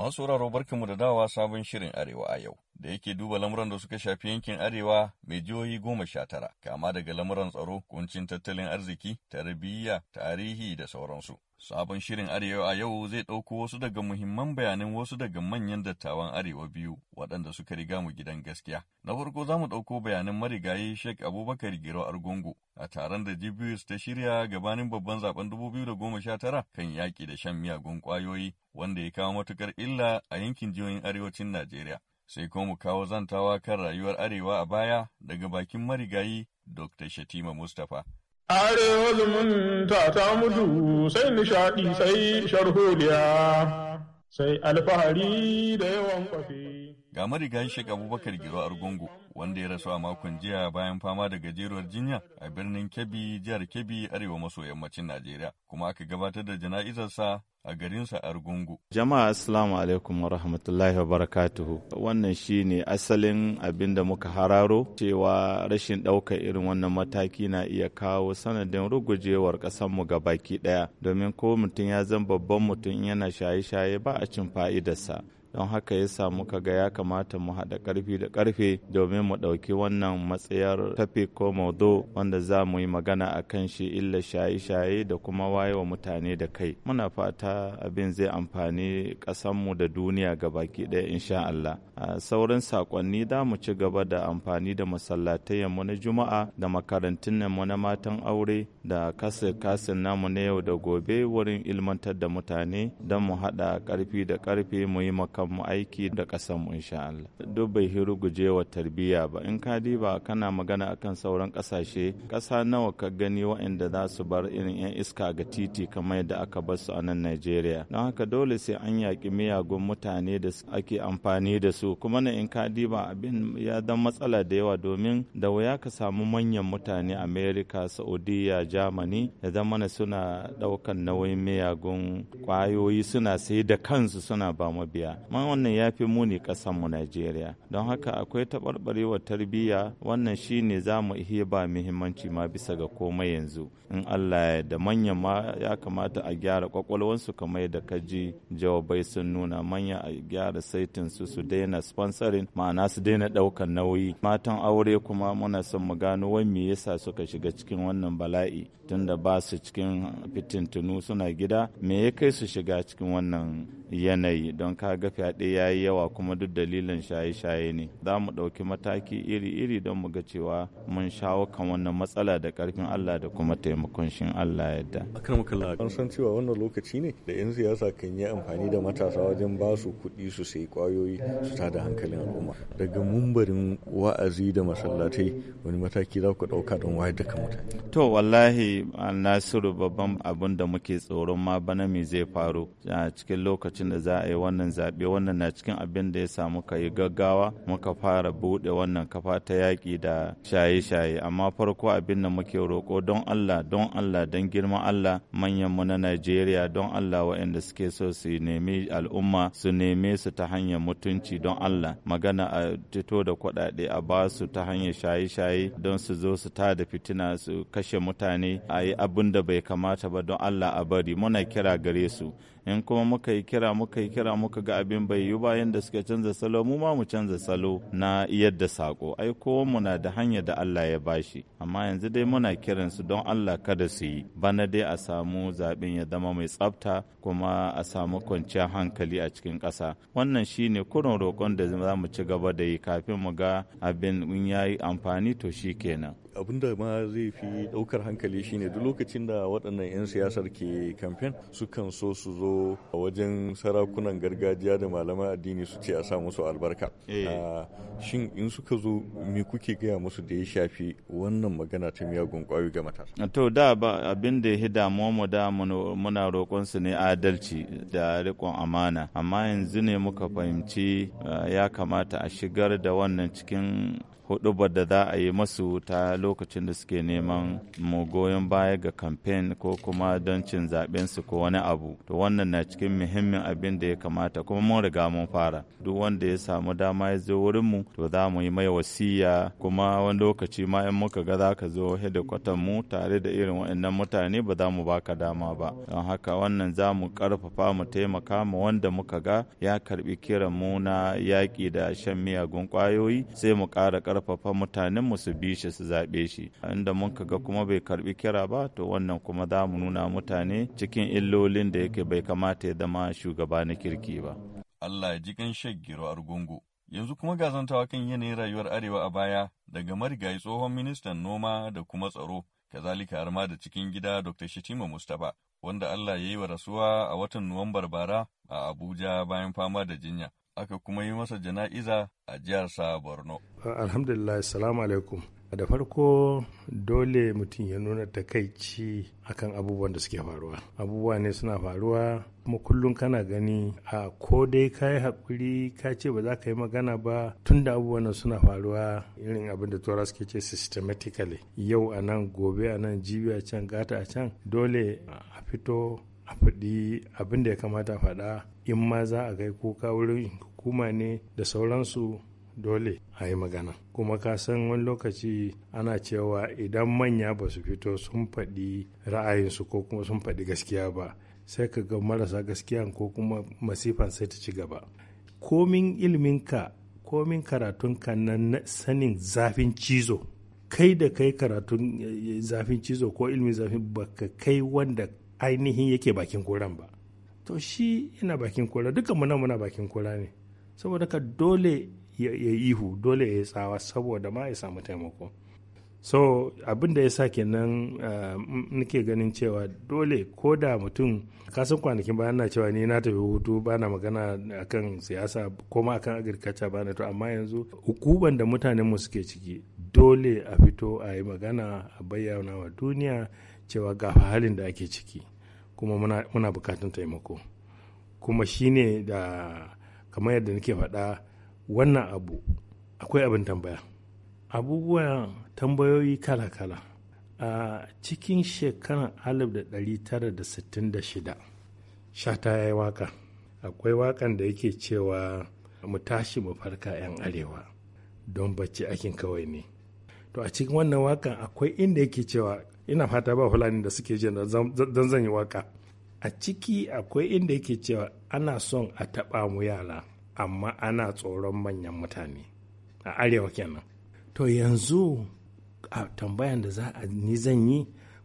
Masu sauraro barkanmu da dawa sabon shirin Arewa a yau, da yake duba lamuran da suka shafi yankin Arewa mai jihohi goma sha tara, kama daga lamuran tsaro, kuncin tattalin arziki, tarbiyya, tarihi da sauransu. Sabon shirin Arewa a yau zai ɗauko wasu daga muhimman bayanan wasu daga manyan dattawan Arewa biyu waɗanda suka riga mu gidan gaskiya. Na farko za mu ɗauko bayanan marigayi Sheikh Abubakar Giro Argungu a taron da GBS ta shirya gabanin babban zaben dubu sha tara kan yaƙi da shan miyagun ƙwayoyi wanda ya kawo matukar illa a yankin jihohin arewacin Najeriya. Sai kuma mu kawo zantawa kan rayuwar arewa a baya daga bakin marigayi Dr. Shatima Mustapha. Arewa zumunta ta mutu sai nishaɗi sai sharholiya sai alfahari da yawan kwafe. Ga marigayi Sheikh Abubakar Giro Argungu wanda ya rasu a makon jiya bayan fama da gajeruwar jinya a birnin Kebbi, jihar Kebbi, arewa maso yammacin Najeriya, kuma aka gabatar da jana'izarsa a garinsa Argungu. Jama'a Assalamu alaikum wa rahmatullahi wa barakatuhu. Wannan shi ne asalin abin da muka hararo cewa rashin ɗaukar irin wannan mataki na iya kawo sanadin rugujewar ƙasanmu ga baki ɗaya domin ko mutum ya zama babban mutum yana shaye-shaye ba a cin fa'idarsa. don haka ya samu kaga ya kamata mu haɗa ƙarfi da ƙarfe domin mu ɗauki wannan matsayar tafi ko maudo wanda za mu yi magana a kan shi illa shaye-shaye da kuma wayewa mutane da kai muna fata abin zai amfani ƙasanmu da duniya ga baki ɗaya insha Allah sauran sakonni za mu ci gaba da amfani da masallatai mu na juma'a da makarantun mu na matan aure da kasa kasin namu na yau da gobe wurin ilmantar da mutane don mu haɗa ƙarfi da ƙarfe mu yi maka kanmu aiki da ƙasarmu insha Allah duk bai guje wa tarbiyya ba in ka diba kana magana akan sauran kasashe ƙasa nawa ka gani waɗanda za su bar irin 'yan iska ga titi kamar yadda aka bar su a nan Najeriya don haka dole sai an yaƙi miyagun mutane da ake amfani da su kuma na in ka diba abin ya dan matsala da yawa domin da wuya ka samu manyan mutane Amerika Saudiya Germany ya zama na suna ɗaukan nauyin miyagun kwayoyi suna sai da kansu suna ba mabiya man wannan ya fi muni mu najeriya don haka akwai taɓarɓarewar tarbiyya wannan shine za mu iya ba muhimmanci ma bisa ga komai yanzu in allah ya da manyan ma ya kamata a gyara su kamar da kaji jawabai sun nuna manya a gyara saitin su su daina sponsoring ma'ana su daina ɗaukan nauyi matan aure kuma muna son mu gano wai me yasa suka shiga cikin wannan bala'i tunda ba su cikin fitintunu suna gida me ya kai su shiga cikin wannan yanayi don ka ga fyaɗe ya yi yawa kuma duk dalilin shaye-shaye ne za mu ɗauki mataki iri-iri don mu ga cewa mun shawo kan wannan matsala da ƙarfin Allah da kuma taimakon shin Allah yadda. An san cewa wannan lokaci ne da 'yan siyasa kan yi amfani da matasa wajen ba su kuɗi su sayi ƙwayoyi su tada hankalin al'umma. Daga mumbarin wa'azi da masallatai wani mataki za ku ɗauka don wayar da kan mutane. To wallahi Nasiru babban abin da muke tsoron ma bana me zai faru a cikin lokacin da za a yi wannan zaɓe wannan na cikin abin da ya samu ka yi gaggawa muka fara bude wannan kafa ta yaki da shaye-shaye amma farko abin da muke roƙo don Allah don Allah don girma Allah manyan mu na Najeriya don Allah waɗanda suke so su nemi al'umma su neme su ta hanyar mutunci don Allah magana a fito da kwaɗaɗe a ba su ta hanyar shaye-shaye don su zo su ta da fitina su kashe mutane a yi abin da bai kamata ba don Allah a bari muna kira gare su in kuma muka yi kira muka yi kira muka ga abin bai yi bayan da suka canza salo mu ma mu canza salo na yadda sako ai kowa na da hanya da Allah ya bashi amma yanzu dai muna kiran su don Allah kada su yi bana dai a samu zaben ya zama mai tsafta kuma a samu kwanciyar hankali a cikin ƙasa wannan shine kurin roƙon da za mu ci gaba da yi kafin mu ga abin in yayi amfani to shikenan abin da ma zai fi ɗaukar hankali shine duk lokacin da waɗannan 'yan siyasar ke kamfen sukan so su zo a wajen sarakunan gargajiya da malaman addini su ce a sa musu albarka eh. ah, shin in suka zo me kuke gaya musu da ya shafi wannan magana ta miyagun kwayo ga matasa to da ba abin da ya damuwa mu da muna roƙon su ne adalci da rikon amana amma yanzu ne muka fahimci ah, ya kamata a shigar da wannan cikin hudubar da za a yi masu ta lokacin da suke neman mu baya ga kamfen ko kuma don cin zaɓensu ko wani abu to wannan na cikin muhimmin abin da ya kamata kuma mun riga mun fara duk wanda ya samu dama ya zo wurinmu to za mu yi mai wasiya kuma wani lokaci ma in muka ga za ka zo hedikwatan mu tare da irin waɗannan mutane ba za mu baka dama ba don haka wannan za mu ƙarfafa mu taimaka mu wanda muka ga ya karbi kiran mu na yaƙi da shan miyagun ƙwayoyi sai mu ƙara ƙarfafa ƙarfafa mutanen su bi shi su zaɓe shi inda mun ga kuma bai karbi kira ba to wannan kuma za mu nuna mutane cikin illolin da yake bai kamata ya zama shugaba na kirki ba Allah ya ji kan shaggiro argungu yanzu kuma ga zantawa kan yanayin rayuwar arewa a baya daga marigayi tsohon ministan noma da kuma tsaro kazalika har ma da cikin gida Dr. Shitima Mustapha wanda Allah ya yi wa rasuwa a watan Nuwambar bara a Abuja bayan fama da jinya. aka kuma yi masa jana'iza a jihar sa Borno. Alhamdulillah, assalamu alaikum. Da farko dole mutum ya nuna takaici akan abubuwan da suke faruwa. Abubuwa ne suna faruwa kuma kullum kana gani a ko dai ka yi haƙuri ka ce ba za ka yi magana ba tunda da abubuwan suna faruwa irin abin da tura suke ce systematically yau a nan gobe a nan jibi a can gata a can dole a fito a faɗi abin da ya kamata faɗa in ma za a kai kuka wurin hukuma ne da sauransu dole a yi magana kuma ka san wani lokaci ana cewa idan manya ba su fito sun faɗi ra'ayinsu ko kuma sun faɗi gaskiya ba sai ka ga marasa gaskiya ko kuma masifan sai ta ci gaba komin iliminka komin karatunka na sanin zafin cizo kai da kai karatun eh, zafin cizo ko ilimin zafin baka kai wanda ainihin yake bakin koran ba to shi yana bakin kora duka muna muna bakin kora ne saboda ka dole ya ihu dole ya tsawa saboda ma ya samu taimako so abin da ya sa kenan eh, nake ganin cewa dole ko da mutum kasan kwanakin bayan na cewa ni na tafi hutu ba na magana akan siyasa ko ma akan agirkaca ba na to amma yanzu hukuban da mutanen mu suke ciki dole a fito a yi magana a bayyana wa duniya cewa ga halin da ake ciki kuma muna, bukatun taimako kuma shine da kamar yadda nake faɗa wannan abu akwai abin tambaya abubuwan tambayoyi kala-kala a cikin shekarar shida, shata ya yi waka akwai wakan da yake cewa mu tashi mu farka 'yan arewa don bacci akin kawai ne to a cikin wannan wakan akwai inda yake cewa ina fata ba fulani da suke jin don zan yi waka a ciki akwai inda yake cewa ana son a taɓa mu yara amma ana tsoron manyan mutane a arewa kenan to yanzu a tambayan da za a ni zan yi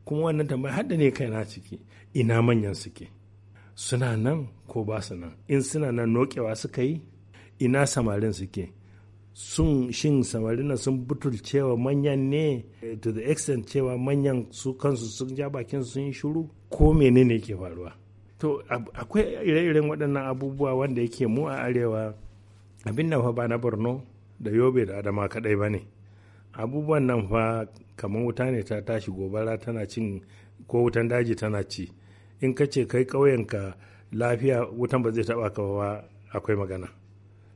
kuma wannan tambaya hada ne kaina ciki ina manyan suke suna nan ko ba su nan in suna nan nokewa suka yi ina samarin suke sun shin samarina sun butul cewa manyan ne eh, to the extent cewa manyan su kansu sun ja bakin sun yi shuru ko menene ke faruwa to akwai ire-iren waɗannan abubuwa wanda yake mu a arewa abin nan fa ba na borno da yobe da adama kaɗai ba ne abubuwan nan fa kamar wuta ne ta tashi gobara tana cin ko wutan daji tana ci in ka ce kai ƙauyenka lafiya wutan ba zai taɓa ka akwai magana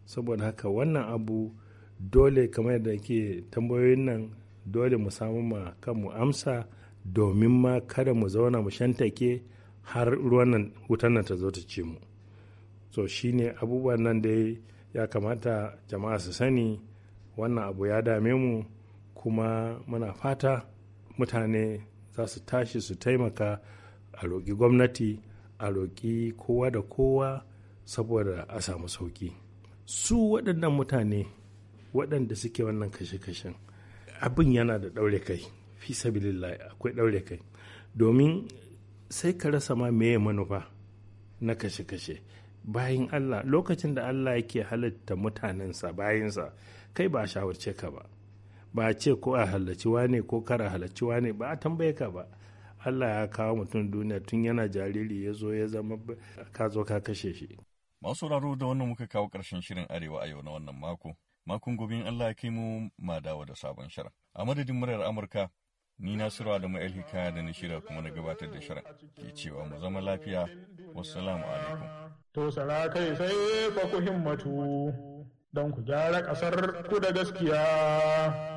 saboda haka wannan abu dole kamar da ke tambayoyin nan dole mu samu ma kanmu amsa domin ma kada mu zauna mu shantake har ruwan nan wutan nan ta zo ta ce mu so ne abubuwan nan da ya kamata jama'a su sani wannan abu ya dame mu kuma muna fata mutane za su tashi su taimaka a roƙi gwamnati a roƙi kowa da kowa saboda a samu sauƙi su waɗannan mutane waɗanda suke wannan kashe-kashen abin yana da ɗaure kai fi sabilillahi akwai ɗaure kai domin sai ka rasa ma meye manufa na kashe-kashe bayan Allah lokacin da Allah yake halitta mutanensa bayansa kai ba a shawarce ka ba ba a ce ko a halarci wane ko kara halarci wane ba a tambaye ka ba Allah ya kawo mutum duniya tun yana jariri ya zo ya zama ka zo ka kashe shi. Masu sauraro da wannan muka kawo ƙarshen shirin Arewa a yau na wannan mako Makon gobe Allah ya kai mu ma dawo da sabon shirin. A madadin muryar Amurka, ni Nasiru Adamu El Hikaya da na shirya kuma na gabatar da shirin. Ke cewa mu zama lafiya. Wassalamu alaikum. To sara kai sai fa ku himmatu don ku gyara ƙasar ku da gaskiya.